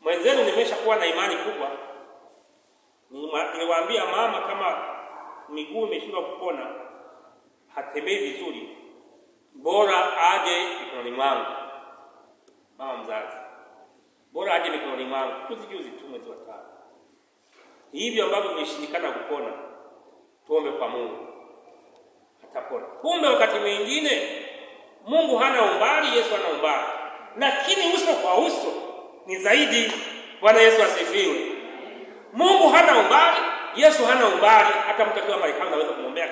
mwenzenu nimeshakuwa na imani kubwa. Niliwaambia mama kama miguu imeshindwa kupona, hatembei vizuri, bora aje mikononi mwangu. Mama mzazi, bora aje mikononi mwangu. Juzi juzi tu mwezi wa tano, hivyo ambavyo vimeshindikana kupona, tuombe kwa Mungu atapona. Kumbe wakati mwingine Mungu hana umbali, Yesu ana umbali, lakini uso kwa uso ni zaidi. Bwana Yesu asifiwe. Mungu hana umbali, Yesu hana umbali. Hata mtu akiwa Marekani anaweza kumwombea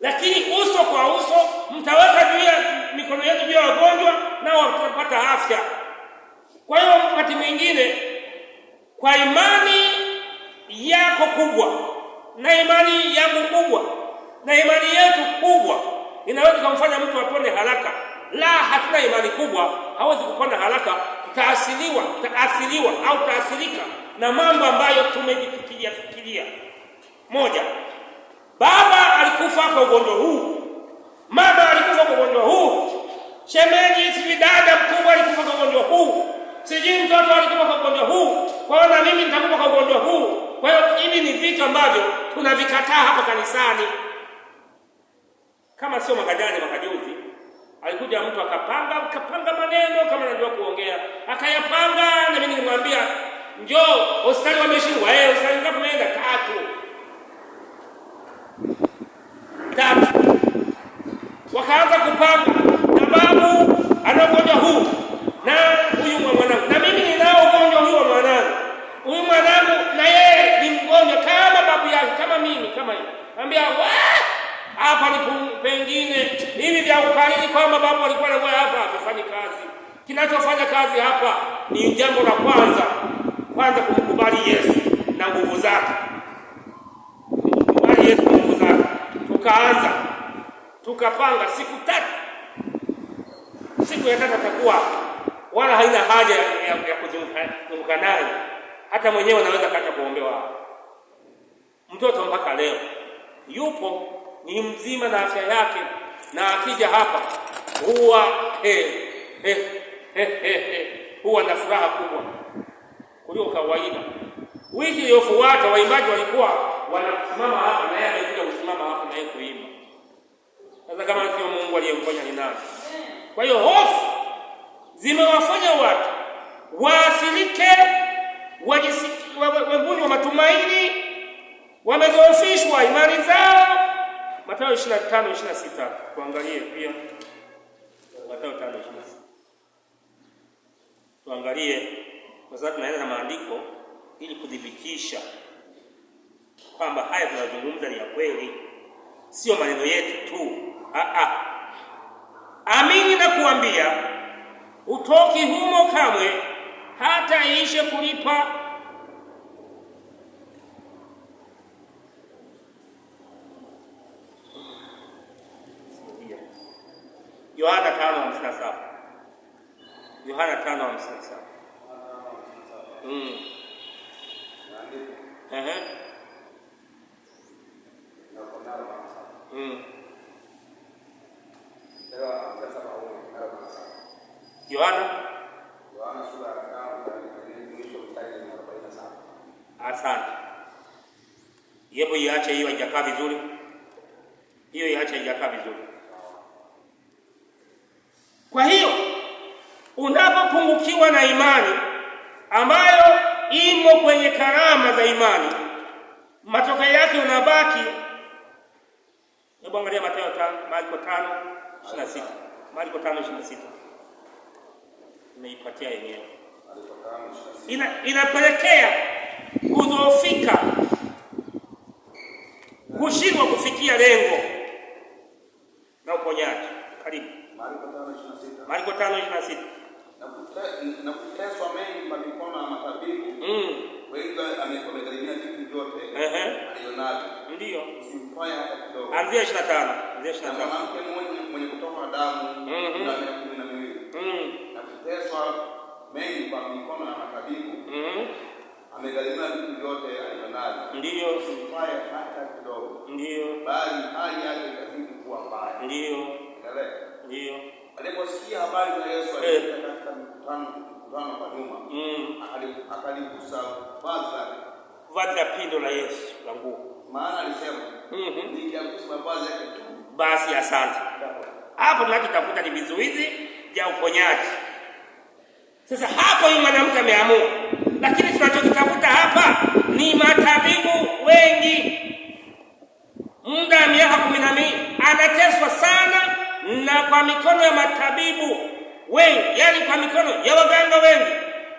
lakini uso kwa uso mtaweka juu ya mikono yetu juu ya wagonjwa, nao watapata afya. Kwa hiyo wakati mwingine kwa imani yako kubwa na imani yangu kubwa na imani yetu kubwa inaweza kumfanya mtu apone haraka. La, hatuna imani kubwa, hawezi kupona haraka taasiliwa taasiliwa au taasilika na mambo ambayo tumejifikiria fikiria. Moja, baba alikufa kwa ugonjwa huu, mama alikufa kwa ugonjwa huu, shemeji, sijui dada mkubwa alikufa kwa ugonjwa huu, sijui mtoto alikufa kwa ugonjwa huu, kwa hiyo na mimi nitakufa kwa ugonjwa huu. Kwa hiyo hivi ni vitu ambavyo tunavikataa hapa kanisani, kama sio makajani makajuzi Alikuja mtu akapanga akapanga maneno kama anajua kuongea, akayapanga. Na mimi nilimwambia njoo hospitali, wameshindwa eh, hospitali ngapi umeenda? Tatu tatu. Wakaanza kupanga sababu ana ugonjwa huu na huyu mwanangu, na mimi ninao ugonjwa huyu wa mwanangu, huyu mwanangu na yeye ni mgonjwa kama babu yake, kama mimi, kama yeye anambia hapa ni pengine hivi vya ukariri kwamba baba alikuwa anakuwa hapa havifanyi kazi. Kinachofanya kazi hapa ni jambo la kwanza, kwanza kumkubali Yesu na nguvu zake, kumkubali Yesu nguvu zake. Tukaanza tukapanga siku tatu, siku ya tatu atakuwa wala haina haja ya, ya kuzunguka naye, hata mwenyewe anaweza kaja kuombewa. Mtoto mpaka leo yupo ni mzima na afya yake, na akija hapa huwa eh, eh, eh, eh, huwa na furaha kubwa kuliko kawaida. Wiki iliyofuata waimbaji walikuwa wanasimama hapa na yeye amekuja kusimama hapa na yeye kuimba. Sasa kama sio Mungu aliyemfanya ni nani? Kwa hiyo hofu zimewafanya watu waasilike, wembuni wa matumaini, wamedhoofishwa imani zao Mathayo 25 26 tuangalie pia Mathayo 5 26. Tuangalie kwa sababu tunaenda na maandiko ili kudhibitisha kwamba haya tunazungumza ni ya kweli, sio maneno yetu tu. Aa, amini na kuambia utoki humo kamwe hata iishe kulipa Yohana tano hamsini saba Yohana tano hamsini na saba mm. Mm. Yohana Asante. Yepo iache hiyo haijakaa vizuri, hiyo iache haijakaa vizuri. Mungu ukiwa na imani ambayo imo kwenye karama za imani, matokeo yake unabaki. Hebu angalia Mathayo Marko 5:26, Marko 5:26 nimeipatia yenyewe, ina inapelekea kudhoofika, kushindwa kufikia lengo na uponyaji. Karibu Marko 5:26 Marko 5:26. anzia 25. Kuanzia 25. Mwanamke mwenye kutoka damu mhm. na miaka 12 mhm. na kuteswa mengi kwa mikono na matabibu. Mhm. vitu vyote alivyonavyo. Ndiyo. hata kidogo. Ndiyo. Bali hali yake ikazidi kuwa mbaya. Ndiyo. Ndiyo. Aliposikia habari za Yesu eh. alipita katika mkutano mkutano kwa nyuma. Mm. Akaligusa vazi lake. Vazi la pindo la Yesu la nguo. Maana alisema Mhm. Basi asante. Hapo tunachotafuta ni vizuizi vya uponyaji. Sasa hapo huyu mwanamke ameamua, lakini tunachokitafuta hapa ni matabibu wengi. Muda wa miaka kumi na mbili anateswa sana na kwa mikono ya matabibu wengi, yaani kwa mikono ya waganga wengi.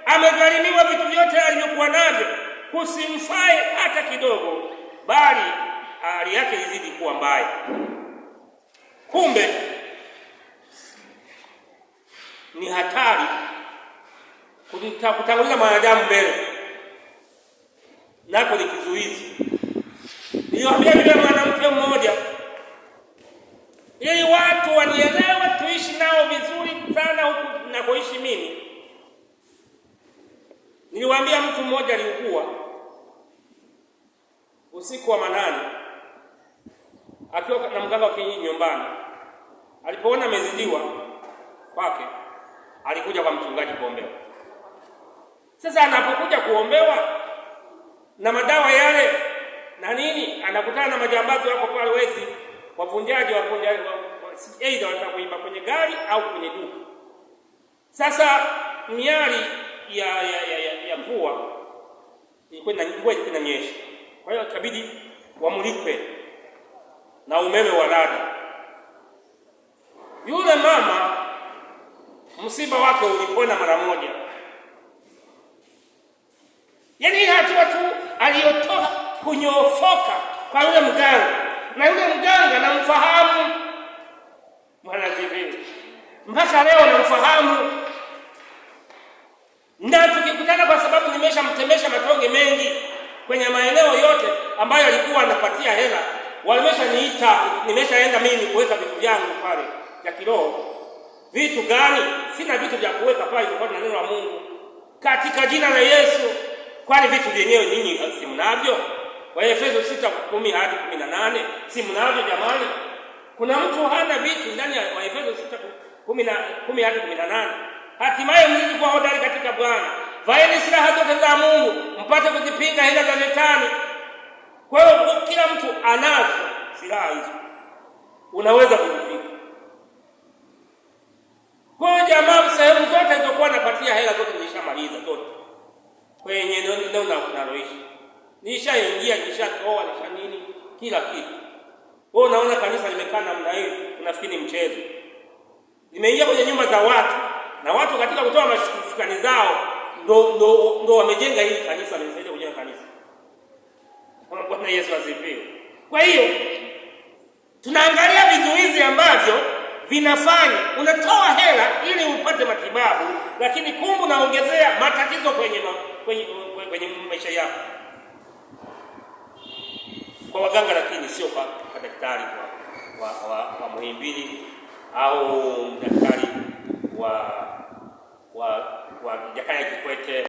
Amegharimiwa vitu vyote alivyokuwa navyo, kusimfai hata kidogo, bali hali yake izidi kuwa mbaya. Kumbe ni hatari kutanguliza mwanadamu mbele, nako ni kizuizi. Niliwaambia vile mwanamke mmoja, ili watu wanielewe, tuishi nao vizuri sana huku nakoishi mimi, niliwaambia mtu mmoja aliugua usiku wa manane mganga wa nyumbani. Alipoona amezidiwa kwake, alikuja kwa mchungaji kuombewa. Sasa anapokuja kuombewa na madawa yale na nini, anakutana na majambazi wako pale, wezi, wavunjaji, wavunjaji aidha wanataka kuiba kwenye gari au kwenye duka. Sasa miali ya ya ya, ya, ya mvua ilikuwa inanyesha, kwa hiyo ikabidi wamulikwe na umeme wa ndani. Yule mama msiba wake ulipona mara moja. Yaani hii hatua tu aliyotoa kunyofoka kwa yule mganga, na yule mganga namfahamu Mwanazivini mpaka leo namfahamu, na tukikutana, kwa sababu nimeshamtemesha matonge mengi kwenye maeneo yote ambayo alikuwa anapatia hela wameshaniita, nimeshaenda mimi kuweka vitu vyangu pale vya kiroho. Vitu gani? Sina vitu vya kuweka pale kwa na neno la Mungu katika jina la Yesu, kwani vitu vyenyewe ninyi si mnavyo? sita 6:10 hadi 18, si mnavyo jamani? Kuna mtu hana vitu ndani ya Waefeso 6:10 hadi 18. Hatimaye mlikuwa hodari katika Bwana, vaeni silaha zote za Mungu mpate kuzipinga hila za Shetani kwa hiyo kila mtu anazo silaha hizo, unaweza kujipiga. Kwa hiyo jamaa, sehemu zote alizokuwa anapatia hela zote nilishamaliza zote kwenye ndio unaloishi, nishaingia nishatoa nisha nini kila kitu. Wewe unaona kanisa limekaa namna hiyo, unafikiri mchezo? Limeingia kwenye nyumba za watu na watu katika kutoa mashukrani zao ndo wamejenga hili kanisa, limesaidia kujenga kanisa Bwana Yesu asifiwe. Kwa hiyo tunaangalia vizuizi ambavyo vinafanya unatoa hela ili upate matibabu, lakini kumbe unaongezea matatizo kwenye, kwenye, kwenye maisha yako kwa waganga, lakini sio kwa, kwa daktari wa, wa, wa, wa Muhimbili au daktari wa wa wa Jakaya Kikwete.